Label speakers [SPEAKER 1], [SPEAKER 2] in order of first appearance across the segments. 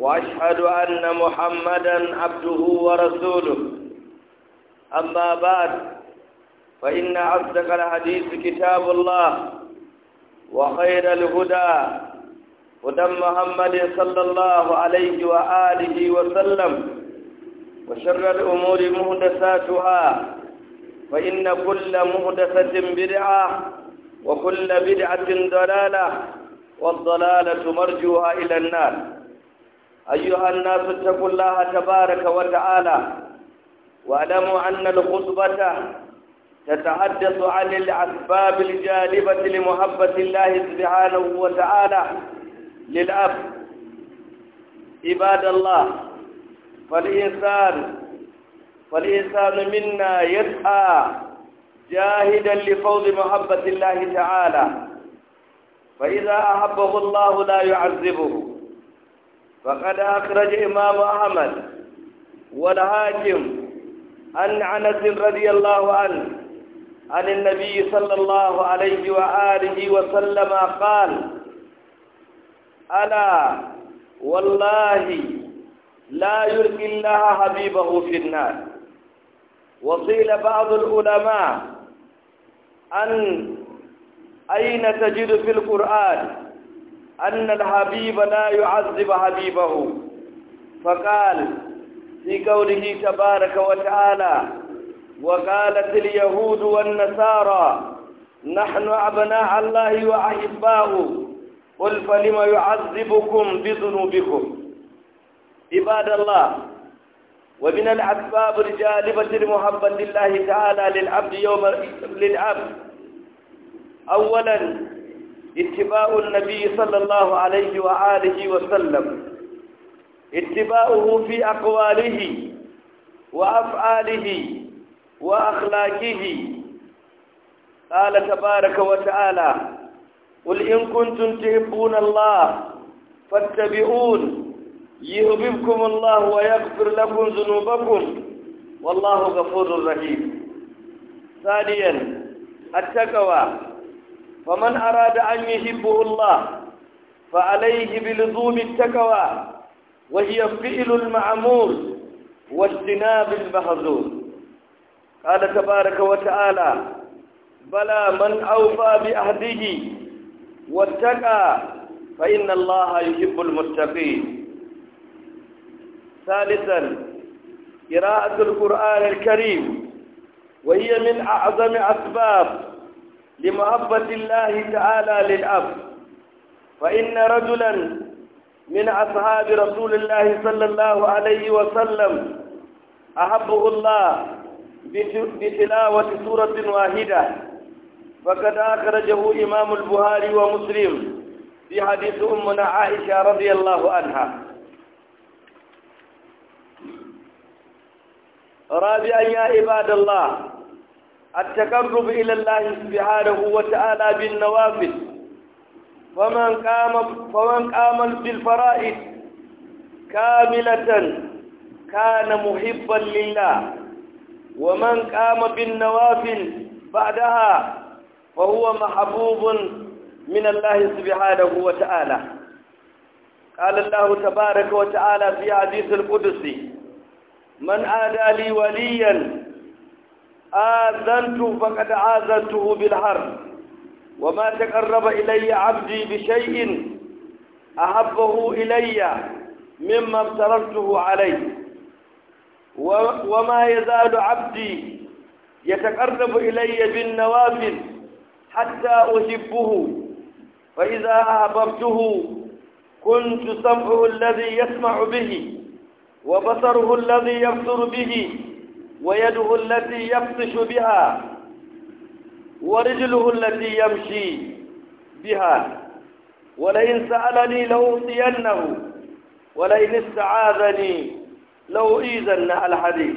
[SPEAKER 1] وأشهد أن محمدا عبده ورسوله أما بعد فإن أصدق الحديث كتاب الله وخير الهدى هدى محمد صلى الله عليه وآله وسلم وشر الأمور مهدساتها فإن كل مهدسة بدعة وكل بدعة ضلالة والضلالة مرجوها إلى النار أيها الناس اتقوا الله تبارك وتعالى واعلموا أن الخطبة تتحدث عن الأسباب الجالبة لمحبة الله سبحانه وتعالى للأب عباد الله فالإنسان فالإنسان منا يسعى جاهدا لفوز محبة الله تعالى فإذا أحبه الله لا يعذبه فقد أخرج إمام أحمد والحاكم عن أنس رضي الله عنه عن النبي صلى الله عليه وآله وسلم قال ألا والله لا يلقي الله حبيبه في النار وقيل بعض العلماء أن أين تجد في القرآن أن الحبيب لا يعذب حبيبه فقال في قوله تبارك وتعالى وقالت اليهود والنصارى نحن أبناء الله وأحباؤه قل فلم يعذبكم بذنوبكم عباد الله ومن الأسباب الجالبة لمحبة الله تعالى للعبد يوم للعبد أولا اتباع النبي صلى الله عليه وآله وسلم اتباعه في أقواله وأفعاله وأخلاقه قال تبارك وتعالى قل إن كنتم تحبون الله فاتبعون يهببكم الله ويغفر لكم ذنوبكم والله غفور رحيم ثانيا التقوى فمن أراد أن يحبه الله فعليه بلزوم التقوى وهي فعل المعمول واجتناب المحظور قال تبارك وتعالى بلى من أوفى بأهده واتقى فإن الله يحب المتقين ثالثا قراءة القرآن الكريم وهي من أعظم أسباب لمحبة الله تعالى للأب فإن رجلا من أصحاب رسول الله صلى الله عليه وسلم أحبه الله بتلاوة سورة واحدة فقد أخرجه إمام البخاري ومسلم في حديث أمنا عائشة رضي الله عنها رابعا يا عباد الله التقرب إلى الله سبحانه وتعالى بالنوافل فمن قام فمن قام بالفرائض كاملة كان محبا لله ومن قام بالنوافل بعدها فهو محبوب من الله سبحانه وتعالى قال الله تبارك وتعالى في حديث القدسي من آدى لي وليا آذنته فقد آذنته بالحرب وما تقرب إلي عبدي بشيء أحبه إلي مما افترضته عليه وما يزال عبدي يتقرب إلي بالنوافل حتى أحبه فإذا أحببته كنت سمعه الذي يسمع به وبصره الذي يبصر به ويده التي يبطش بها ورجله التي يمشي بها ولئن سألني لأوصينه ولئن استعاذني إيذن الحديث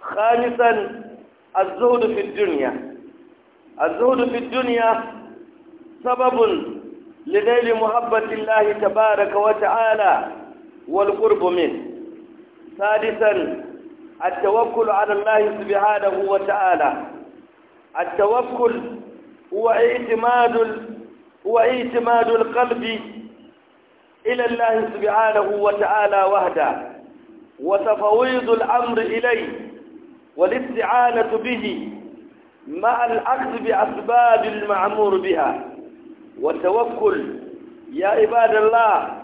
[SPEAKER 1] خامسا الزهد في الدنيا الزهد في الدنيا سبب لنيل محبة الله تبارك وتعالى والقرب منه سادسا التوكل على الله سبحانه وتعالى التوكل هو اعتماد هو اعتماد القلب إلى الله سبحانه وتعالى وحده وتفويض الأمر إليه والاستعانة به مع الأخذ بأسباب المعمور بها والتوكل يا عباد الله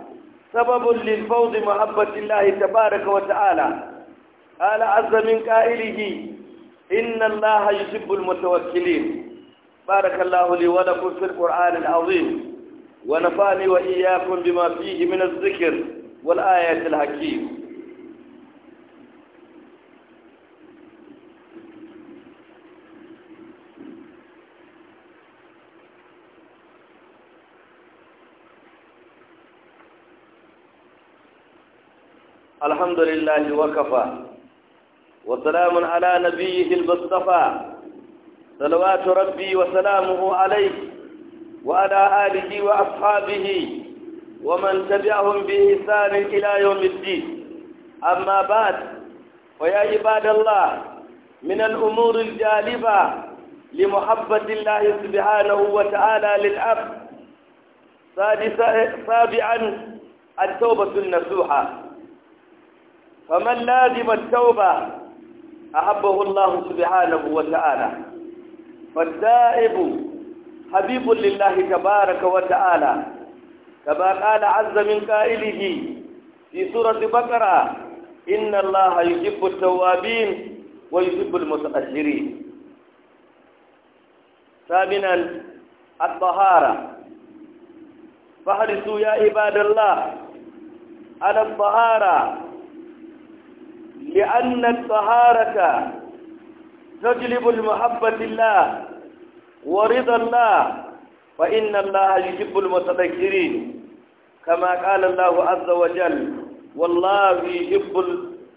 [SPEAKER 1] سبب للفوز محبة الله تبارك وتعالى قال عز من قائله إن الله يحب المتوكلين بارك الله لي ولكم في القرآن العظيم ونفاني وإياكم بما فيه من الذكر والآيات الحكيم الحمد لله وكفى وسلام على نبيه المصطفى صلوات ربي وسلامه عليه وعلى آله وأصحابه ومن تبعهم بإحسان إلى يوم الدين أما بعد ويا عباد الله من الأمور الجالبة لمحبة الله سبحانه وتعالى للعبد سابعا التوبة النصوحة فمن لازم التوبة أحبه الله سبحانه وتعالى فالتائب حبيب لله تبارك وتعالى كما قال عز من قائله في سورة بقرة إن الله يحب التوابين ويحب المتأخرين ثامنا الطهارة فاحرصوا يا عباد الله على الطهارة لأن الطهارة تجلب المحبة الله ورضا الله فإن الله يحب المتذكرين كما قال الله عز وجل والله يحب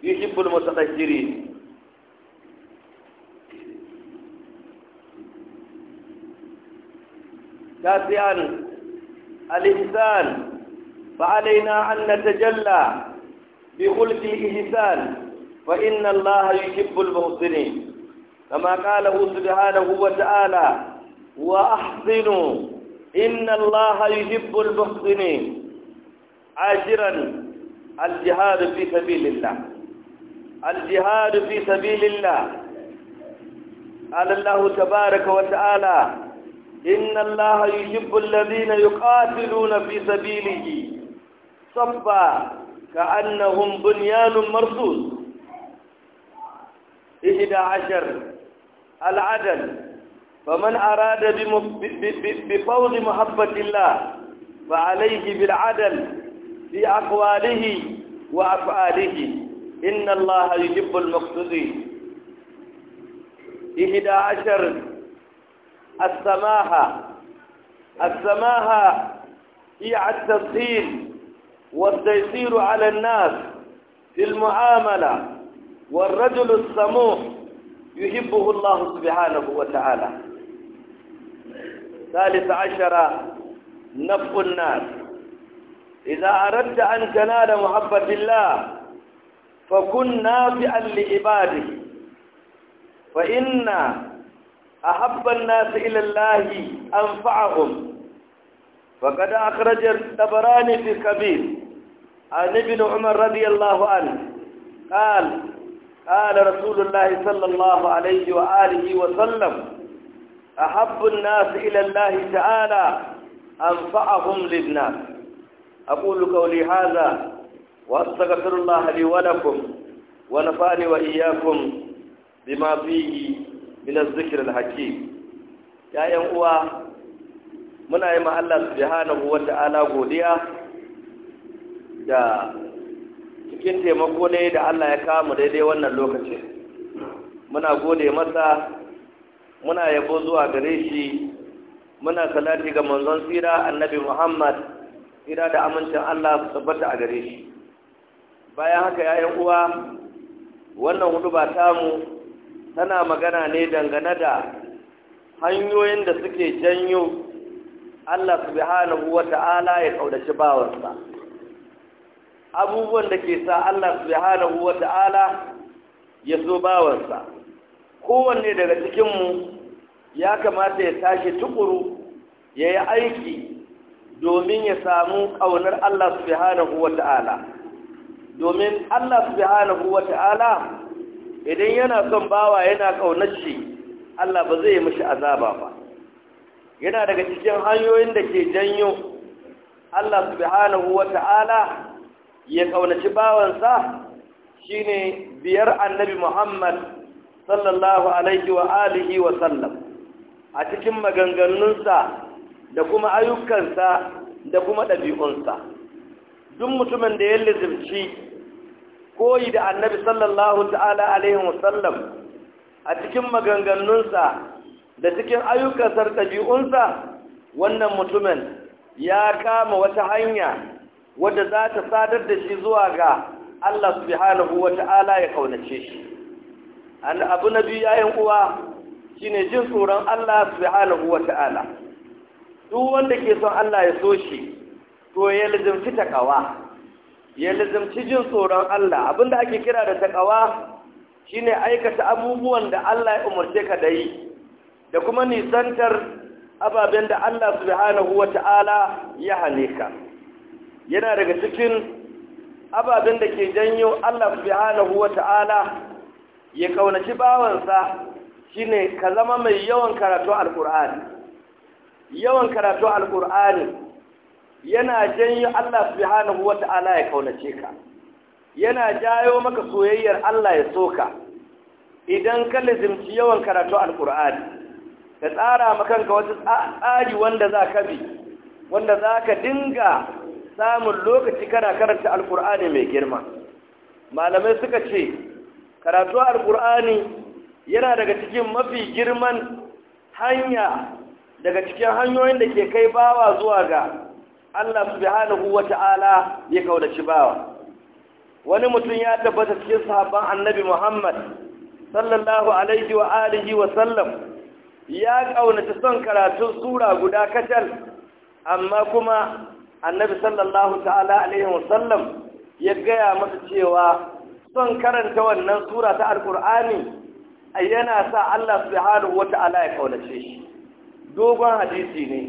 [SPEAKER 1] يحب المتذكرين تاسعا الإنسان فعلينا أن نتجلى بخلق الإنسان فإن الله يحب المحسنين كما قاله سبحانه وتعالى وأحسنوا إن الله يحب المحسنين عاجرا الجهاد في سبيل الله الجهاد في سبيل الله قال الله تبارك وتعالى إن الله يحب الذين يقاتلون في سبيله صفا كأنهم بنيان مرصوص إحدى عشر العدل فمن أراد بفوض محبة الله فعليه بالعدل في أقواله وأفعاله إن الله يحب المقتدين إحدى عشر السماحة السماحة هي التسهيل والتيسير على الناس في المعاملة والرجل السموح يحبه الله سبحانه وتعالى ثالث عشر نفع الناس إذا أردت أن تنال محبة الله فكن نافعا لعباده فإن أحب الناس إلى الله أنفعهم فقد أخرج الطبراني في الكبير عن ابن عمر رضي الله عنه قال قال رسول الله صلى الله عليه وآله وسلم أحب الناس إلى الله تعالى أنفعهم للناس أقول قولي هذا وأستغفر الله لي ولكم ونفعني وإياكم بما فيه من الذكر الحكيم يا ينقوى من yi الله سبحانه وتعالى wata'ala يا cikin taimako ne da Allah ya kama daidai wannan lokacin muna gode masa muna yabo zuwa gare shi muna salati ga manzon tsira annabi Muhammad tsira da amincin Allah su tabbata a gare shi bayan haka 'ya'yan uwa wannan hudu ba tamu tana magana ne dangane da hanyoyin da suke janyo Allah subhanahu ta'ala ya kaudaci bawansa abubuwan da ke sa Allah subhanahu wa ta'ala ya so bawansa kowanne daga cikinmu ya kamata ya tashi tukuru ya yi aiki domin ya samu ƙaunar Allah hana wa ta'ala domin Allah hana wa ta'ala idan yana son bawa yana ƙaunar shi Allah ba zai mashi azaba ba yana daga cikin hanyoyin da ke janyo Allah subhanahu wa ta'ala ya kaunaci bawansa shine biyar annabi Muhammad sallallahu alaihi wa alihi wa sallam a cikin maganganunsa da kuma ayyukansa da kuma ɗabi'unsa duk mutumin da ya lizimci koyi da annabi sallallahu ta'ala alaihi wa sallam a cikin maganganunsa da cikin ayyukansa da ɗabi'unsa wannan mutumin ya kama wata hanya Wanda za ta sadar da shi zuwa ga Allah subhanahu ta'ala ya kaunace shi an abu na biyu yayin uwa shine jin tsoron Allah subhanahu ta'ala duk wanda ke son Allah ya so shi to ya lazimci takawa ya lazimci jin tsoron Allah abinda ake kira da takawa shine aikata abubuwan da Allah ya umarce ka da yi da kuma nisantar ababen da Allah subhanahu ta'ala ya hane ka yana daga cikin ababen da ke janyo Allah subhanahu wata'ala ya kaunaci bawansa shine ka zama mai yawan karatu alqur'ani yawan karatu alqur'ani yana janyo Allah subhanahu wata'ala ya kaunace ka yana jayo maka soyayyar Allah ya soka idan ka lizimci yawan karatu alkur'ani ka tsara makanka wata tsari wanda za ka bi wanda za ka dinga samun lokaci kana karanta alkur'ani mai girma malamai suka ce karatu alkur'ani yana daga cikin mafi girman hanya daga cikin hanyoyin da ke kai bawa zuwa ga Allah subhanahu wata'ala ya kaudaci bawa wani mutum ya tabbata cikin sahabban annabi Muhammad sallallahu alaihi wa alihi wa sallam ya ƙaunaci son karatun sura guda kacal amma kuma annabi sallallahu ta'ala alaihi wasallam ya gaya masa cewa son karanta wannan sura ta alkur'ani yana sa Allah subhanahu ta'ala ya kaunace shi dogon hadisi ne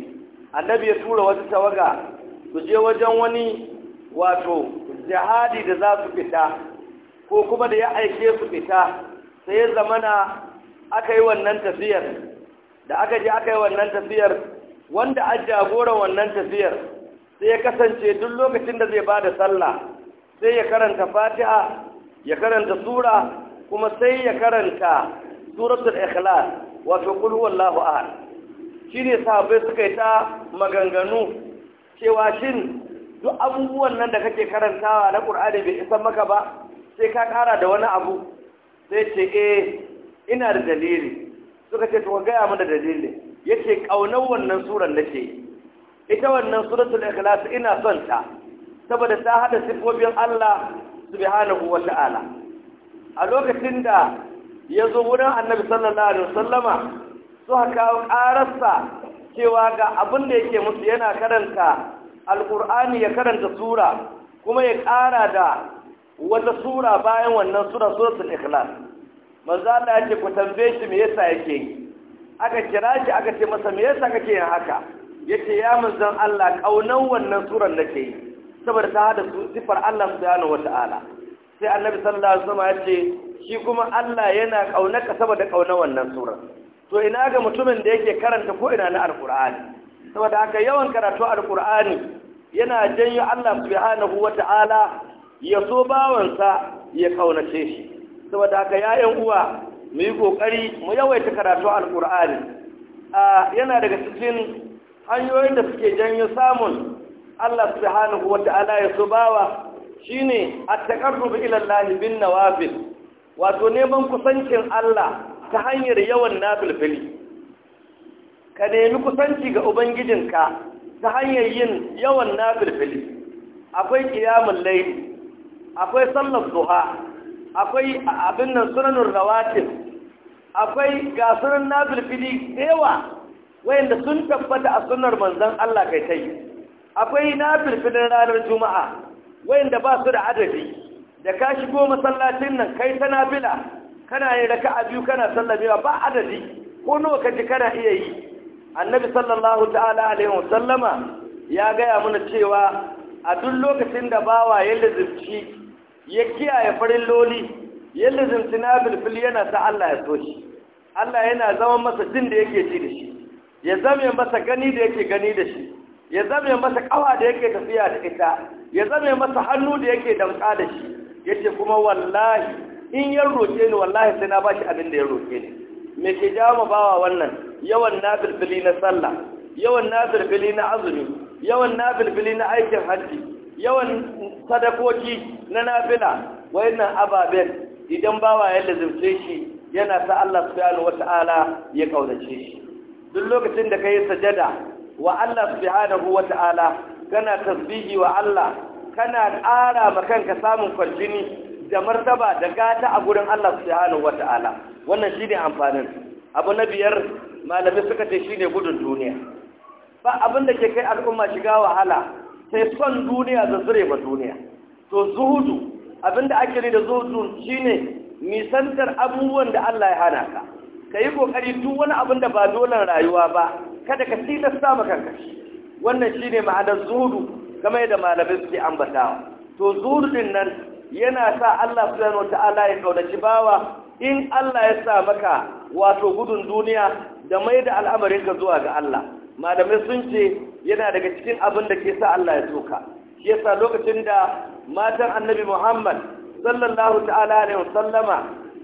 [SPEAKER 1] annabi ya tura wata tawaga su je wajen wani wato jihadi da za su fita ko kuma da ya aike su fita sai ya zamana aka yi wannan tafiyar da aka je aka yi wannan tafiyar wanda a jagora wannan tafiyar sai ya kasance duk lokacin da zai ba da sallah sai ya karanta fatiha ya karanta sura kuma sai ya karanta suratul ikhlas wato qul huwallahu ahad shine sahabbai suka yi ta maganganu cewa shin duk abubuwan nan da kake karantawa na qur'ani bai isa maka ba sai ka kara da wani abu sai ce eh ina da dalili suka ce to ga ya mu da dalili yace kaunar wannan suran nake ita wannan suratul ikhlas ina son ta saboda ta hada sifofin Allah subhanahu wata'ala a lokacin da ya zo wurin annabi sallallahu alaihi wasallama haka ƙararsa cewa ga abin da yake musu yana karanta alqur'ani ya karanta sura kuma ya ƙara da wata sura bayan wannan sura suratul ikhlas manzo Allah ya ce ku tambaye shi me yasa yake aka kira shi aka ce masa me yasa kake yin haka yace ya manzan Allah kaunan wannan surar nake yi saboda ta hada sifar Allah subhanahu wata'ala sai annabi sallallahu alaihi wasallam yace shi kuma Allah yana ka saboda ƙaunar wannan surar to ina ga mutumin da yake karanta ko ina na alqur'ani saboda haka yawan karatu alqur'ani yana janyo Allah subhanahu wata'ala ya so bawansa ya kaunace shi saboda haka yayan uwa mu yi kokari mu yawaita karatu alqur'ani ah, yana daga cikin hanyoyin da suke janyo samun Allah subhanahu wa ta'ala ya so bawa shine at-taqarrub ila Allah bin nawafil wato neman kusancin Allah ta hanyar yawan nafilfili ka nemi kusanci ga ubangijinka ta hanyar yin yawan nafilfili akwai qiyamul layl akwai sallar duha akwai abin nan sunanur rawatib akwai sunan nafilfili da wayanda sun tabbata a sunnar manzon Allah kai tai akwai na filfilin ranar juma'a wayanda ba su da adadi da ka shigo masallacin nan kai ta nafila kana yin raka'a biyu kana sallamewa ba adadi ko nawa ka ji kana iya yi annabi sallallahu ta'ala alaihi wasallama ya gaya mana cewa a duk lokacin da bawa ya lizimci ya kiyaye farin loli ya lizimci na bilfil yana ta Allah ya so shi Allah yana zama masa jin da yake ji da shi ya zame masa gani da yake gani da shi ya zame masa kawa da yake tafiya da ita ya zame masa hannu da yake damka da shi yace kuma wallahi in ya roke ni wallahi sai na bashi abin da ya roke ni me ke jawo bawa wannan yawan bilbili na sallah yawan bilbili na azumi yawan bilbili na aikin hajji yawan sadakoki na nafila wayannan ababen idan bawa ya lazimce shi yana sa Allah subhanahu wata'ala ya kaunace shi duk lokacin da ka yi sajada wa Allah subhanahu wa ta'ala kana tasbihi wa Allah kana ƙara ma kanka samun kwanjini da martaba da gata a gurin Allah subhanahu wa ta'ala wannan shine amfanin abu na biyar malami suka ce shine gudun duniya ba abin da ke kai al'umma shiga wahala sai son duniya da zure ba duniya to zuhudu abin abinda ake da zuhudu shine nisantar abubuwan da Allah ya hana ka ka yi ƙoƙari duk wani abin da ba dolan rayuwa ba kada ka tilasta ma kanka wannan shi ne ma'anar zuru game da malamin suke ambatawa to zuru din nan yana sa Allah ta wata'ala ya kaunaci bawa in Allah ya sa maka wato gudun duniya da mai da al'amarin ka zuwa ga Allah malamai sun ce yana daga cikin abin da ke sa Allah ya soka shi yasa lokacin da matan annabi Muhammad sallallahu ta'ala alaihi wasallama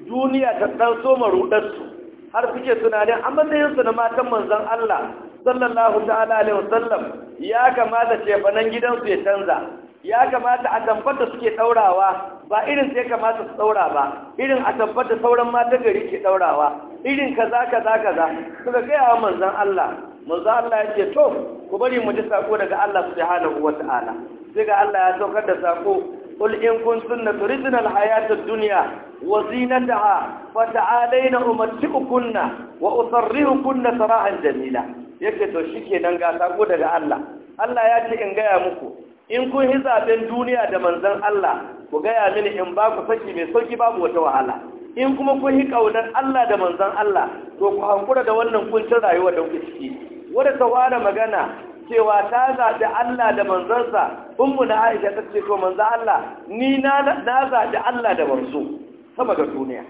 [SPEAKER 1] duniya ta ɗan so marudarsu har suke tunanin a su na matan manzon Allah sallallahu ta'ala alaihi wasallam ya kamata cefanen su ya canza ya kamata a tabbata suke daurawa ba irin sai kamata su daura ba irin a tabbata sauran mata gari ke daurawa irin kaza kaza kaza suka gaya wa manzon Allah manzon Allah yake ce to ku bari mu ji sako daga Allah subhanahu ta'ala sai ga Allah ya saukar da sako قل إن كنتن تردن الحياة الدنيا وزينتها فتعالين أمتئكن وأصرهكن سراحا جميلا yake to shike nan ga sako daga Allah Allah ya ce in gaya muku in kun yi zaben duniya da manzon Allah ku gaya mini in ba ku saki mai sauki babu wata wahala in kuma kun yi kaunar Allah da manzon Allah to ku haukura da wannan kuncin rayuwa da kuke ciki wadda ta ware magana cewa ta zaɓi Allah da manzansa ummu na Aisha ta ce to manza Allah ni na zaɓi Allah da manzo sama ga duniya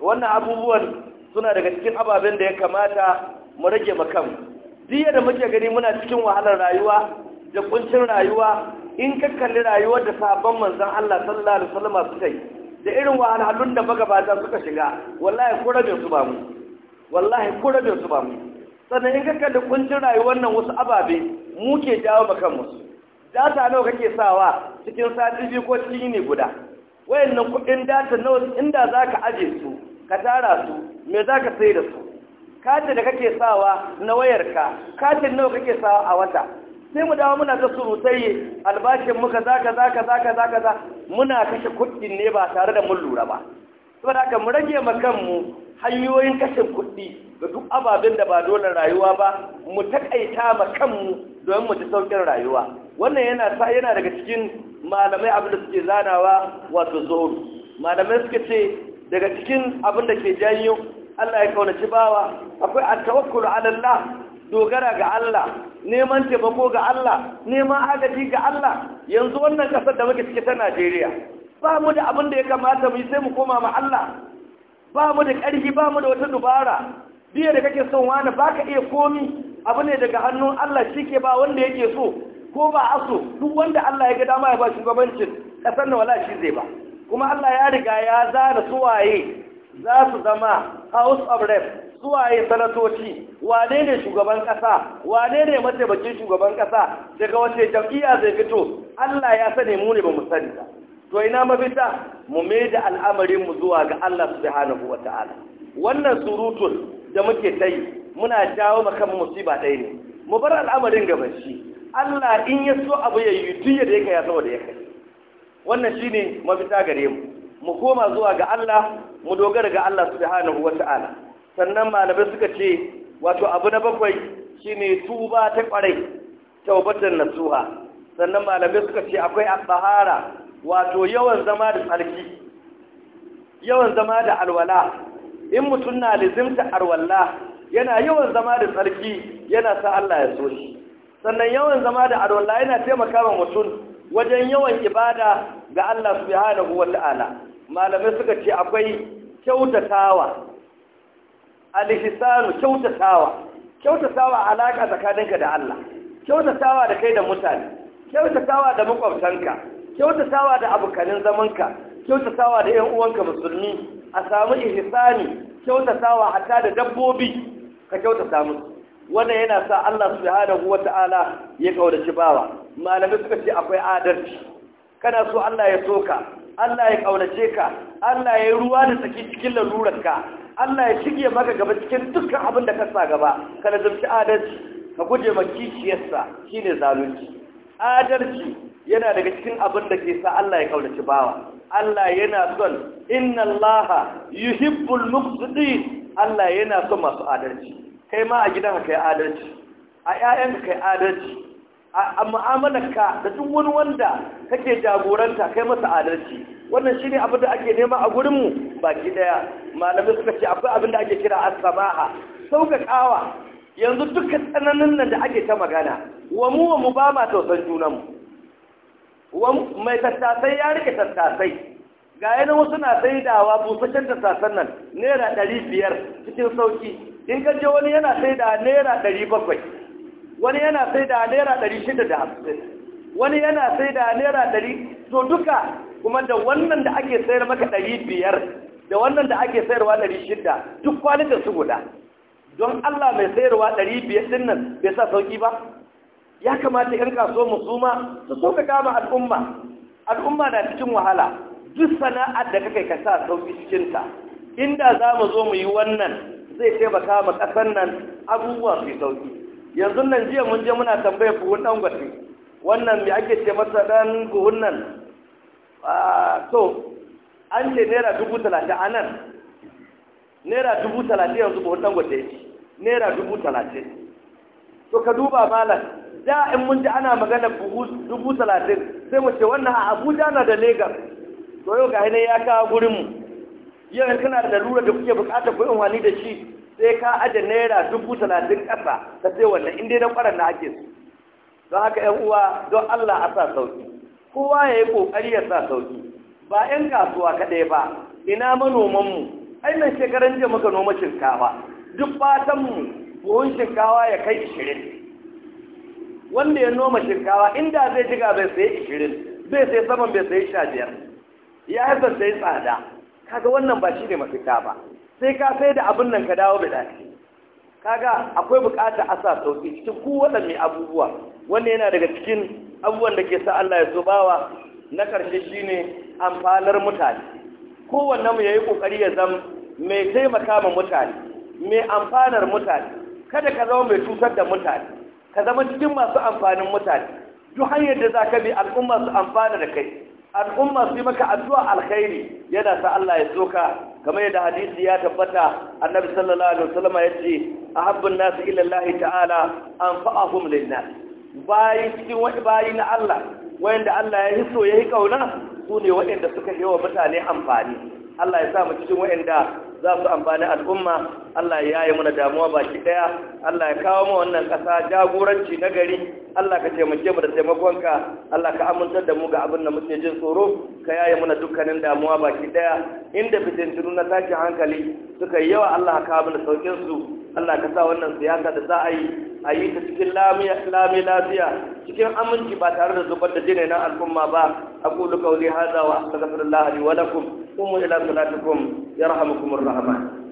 [SPEAKER 1] wannan abubuwan suna daga cikin ababen da ya kamata mu rage makam. jiya da muke gani muna cikin wahalar rayuwa da kuncin rayuwa in ka kalli rayuwar da sabon manzan Allah sallallahu alaihi wasallam suka da irin wahalhalun da magabata suka shiga wallahi su ba mu wallahi su ba mu sannan in kakka da kuncin rayuwar nan wasu ababe muke ke jawo maka musu data nawa kake sawa cikin sati biyu ko cikin ne guda wayannan kuɗin data nawa inda za ka aje su ka tara su me za ka sai da su katin da kake sawa na wayarka katin nawa kake sawa a wata sai mu dawo muna ta surutai albashin muka zaka zaka zaka zaka muna kashe kuɗin ne ba tare da mun lura ba saboda haka mu rage ma kanmu hanyoyin kashe kuɗi da duk ababen da ba dole rayuwa ba mu takaita ma kanmu don mu ji saukin rayuwa wannan yana sa yana daga cikin malamai abin da suke zanawa wato zuhur malamai suka ce daga cikin abin da ke janyo Allah ya kaunaci bawa akwai at-tawakkul ala Allah dogara ga Allah neman taimako ga Allah neman agaji ga Allah yanzu wannan kasar da muke cike ta Najeriya ba mu da abin da ya kamata mu yi sai mu koma ma Allah ba mu da ƙarfi ba mu da wata dubara biya da kake son wani ba ka iya komi abu ne daga hannun Allah shi ke ba wanda yake so ko ba aso duk wanda Allah ya ga dama ya ba shugabancin ƙasar da wala shi zai ba kuma Allah ya riga ya zana suwaye za su zama house of rep suwaye sanatoci wane ne shugaban kasa wane ne mataimakin shugaban kasa daga wace jam'iyya zai fito Allah ya sani mu ne ba mu sani ba to ina mafita mu maida da al'amarin mu zuwa ga Allah subhanahu wata'ala wannan surutul da muke ta muna jawo maka musiba ɗaya ne mu bar al'amarin gaban shi Allah in ya so abu ya yi duk da yake ya saboda ya kai wannan shine mafita gare mu mu koma zuwa ga Allah mu dogara ga Allah subhanahu wata'ala sannan malamai suka ce wato abu na bakwai shine tuba ta kwarai tawbatan nasuha sannan malamai suka ce akwai abahara wato yawan zama da tsarki yawan zama da alwala in mutum na lizimta alwala yana yawan zama da tsarki yana sa Allah ya so shi sannan yawan zama da alwala yana taimaka wa mutum wajen yawan ibada ga Allah subhanahu ta'ala malamai suka ce akwai kyautatawa alhisanu kyautatawa kyautatawa alaka tsakaninka da Allah kyautatawa da kai da mutane kyautatawa da makwabtanka kyautatawa da abokanin zamanka kyautatawa da 'yan uwanka musulmi a samu ihsani kyautatawa hatta da dabbobi ka kyautata musu wannan yana sa Allah subhanahu wata'ala ya kaudaci bawa malamai suka ce akwai adalci kana so Allah ya soka Allah ya ƙaunace ka Allah ya yi ruwa da tsaki cikin lalurarka Allah ya shige maka gaba cikin dukkan abin da ka sa gaba ka nazarci adalci ka guje ma kiciyarsa shine zalunci adalci yana daga cikin abin da ke sa Allah ya kaunaci bawa Allah yana son inna Allah yuhibbul muqtadin Allah yana son masu adalci kai ma a gidanka kai adalci a ƴaƴanka kai adalci a mu'amalarka da duk wani wanda kake jagoranta kai masa adalci wannan shine abin da ake nema a gurin mu baki daya malami suka ce akwai abin da ake kira as Sauka sauƙaƙawa yanzu dukkan tsananin nan da ake ta magana wa mu wa mu ba ma tausan junanmu mai tattasai ya rike tattasai ga yana wasu na dawa busasshen tattasan nan naira ɗari biyar cikin sauki in ka je wani yana saida naira ɗari bakwai wani yana saida naira ɗari shida da hamsin wani yana saida naira ɗari to duka kuma da wannan da ake sayar maka ɗari biyar da wannan da ake sayarwa ɗari shida duk kwalitin su guda don Allah mai sayarwa ɗari biyar ɗin nan bai sa sauki ba ya kamata yan mu musuma su so ka kama al'umma al'umma na cikin wahala duk sana'ar da kake ka sa sauki cikinta inda za mu zo mu yi wannan zai taimaka ma ƙasar nan abubuwa su sauki yanzu nan jiya mun je muna tambayar buhun ɗan gwasi wannan mai ake ce masa ɗan buhun nan to an ce naira dubu talatin a nan naira dubu talatin yanzu buhun ɗan gwasi ya naira dubu talatin to ka duba malam da in mun ji ana magana dubu talatin sai mu ce wannan a abuja na da legas to yau ga ya kawo gurinmu yau in kana da lura da kuke bukata ku amfani da shi sai ka aje naira dubu talatin ƙasa ta sai wannan in dai na kwaran na ake don haka yan uwa don allah a sa sauki kowa ya yi ƙoƙari ya sa sauki ba 'yan kasuwa kaɗai ba ina manoman manomanmu nan shekaran jiya muka noma shinkafa duk mu buhun shinkawa ya kai ishirin wanda ya noma shinkawa inda zai jiga bai sayi ishirin zai sai saman bai sayi sha biyar ya haifar sai tsada kaga wannan ba shi ne mafita ba sai ka sai da abin nan ka dawo bida kaga akwai bukata a sa sauki cikin mai abubuwa wanda yana daga cikin abubuwan da ke sa Allah ya bawa na shi shine amfanar mutane kowanne mu yayi kokari ya zama mai taimaka ma mutane mai amfanar mutane kada ka zama mai cutar da mutane ka zama cikin masu amfanin mutane duk hanyar da za ka bi al'umma su amfana da kai al'umma su yi maka addu'a alkhairi yana sa Allah ya tsoka kamar yadda hadisi ya tabbata annabi sallallahu alaihi wasallam ya ce ahabbun nasu ila Allah ta'ala anfa'ahum lin bayi cikin wani bayi na Allah wanda Allah ya hiso ya yi kauna su ne waɗanda suka yi wa mutane amfani Allah ya sa mu cikin waɗanda za su amfani al'umma Allah ya yi muna damuwa baki ɗaya. Allah ya kawo mu wannan ƙasa jagoranci na gari Allah ka taimake mu da taimakonka Allah ka amintar da mu ga abin da muke jin tsoro ka yaye muna dukkanin damuwa baki ɗaya. inda fitintunu na tashin hankali suka yi yawa Allah ka abin da saukin su Allah ka sa wannan siyasa da za a yi a yi ta cikin lami lafiya cikin aminci ba tare da zubar da jinai na al'umma ba a kulu kauli hada wa astaghfirullah li wa lakum قوموا إلى صلاتكم يرحمكم الرحمن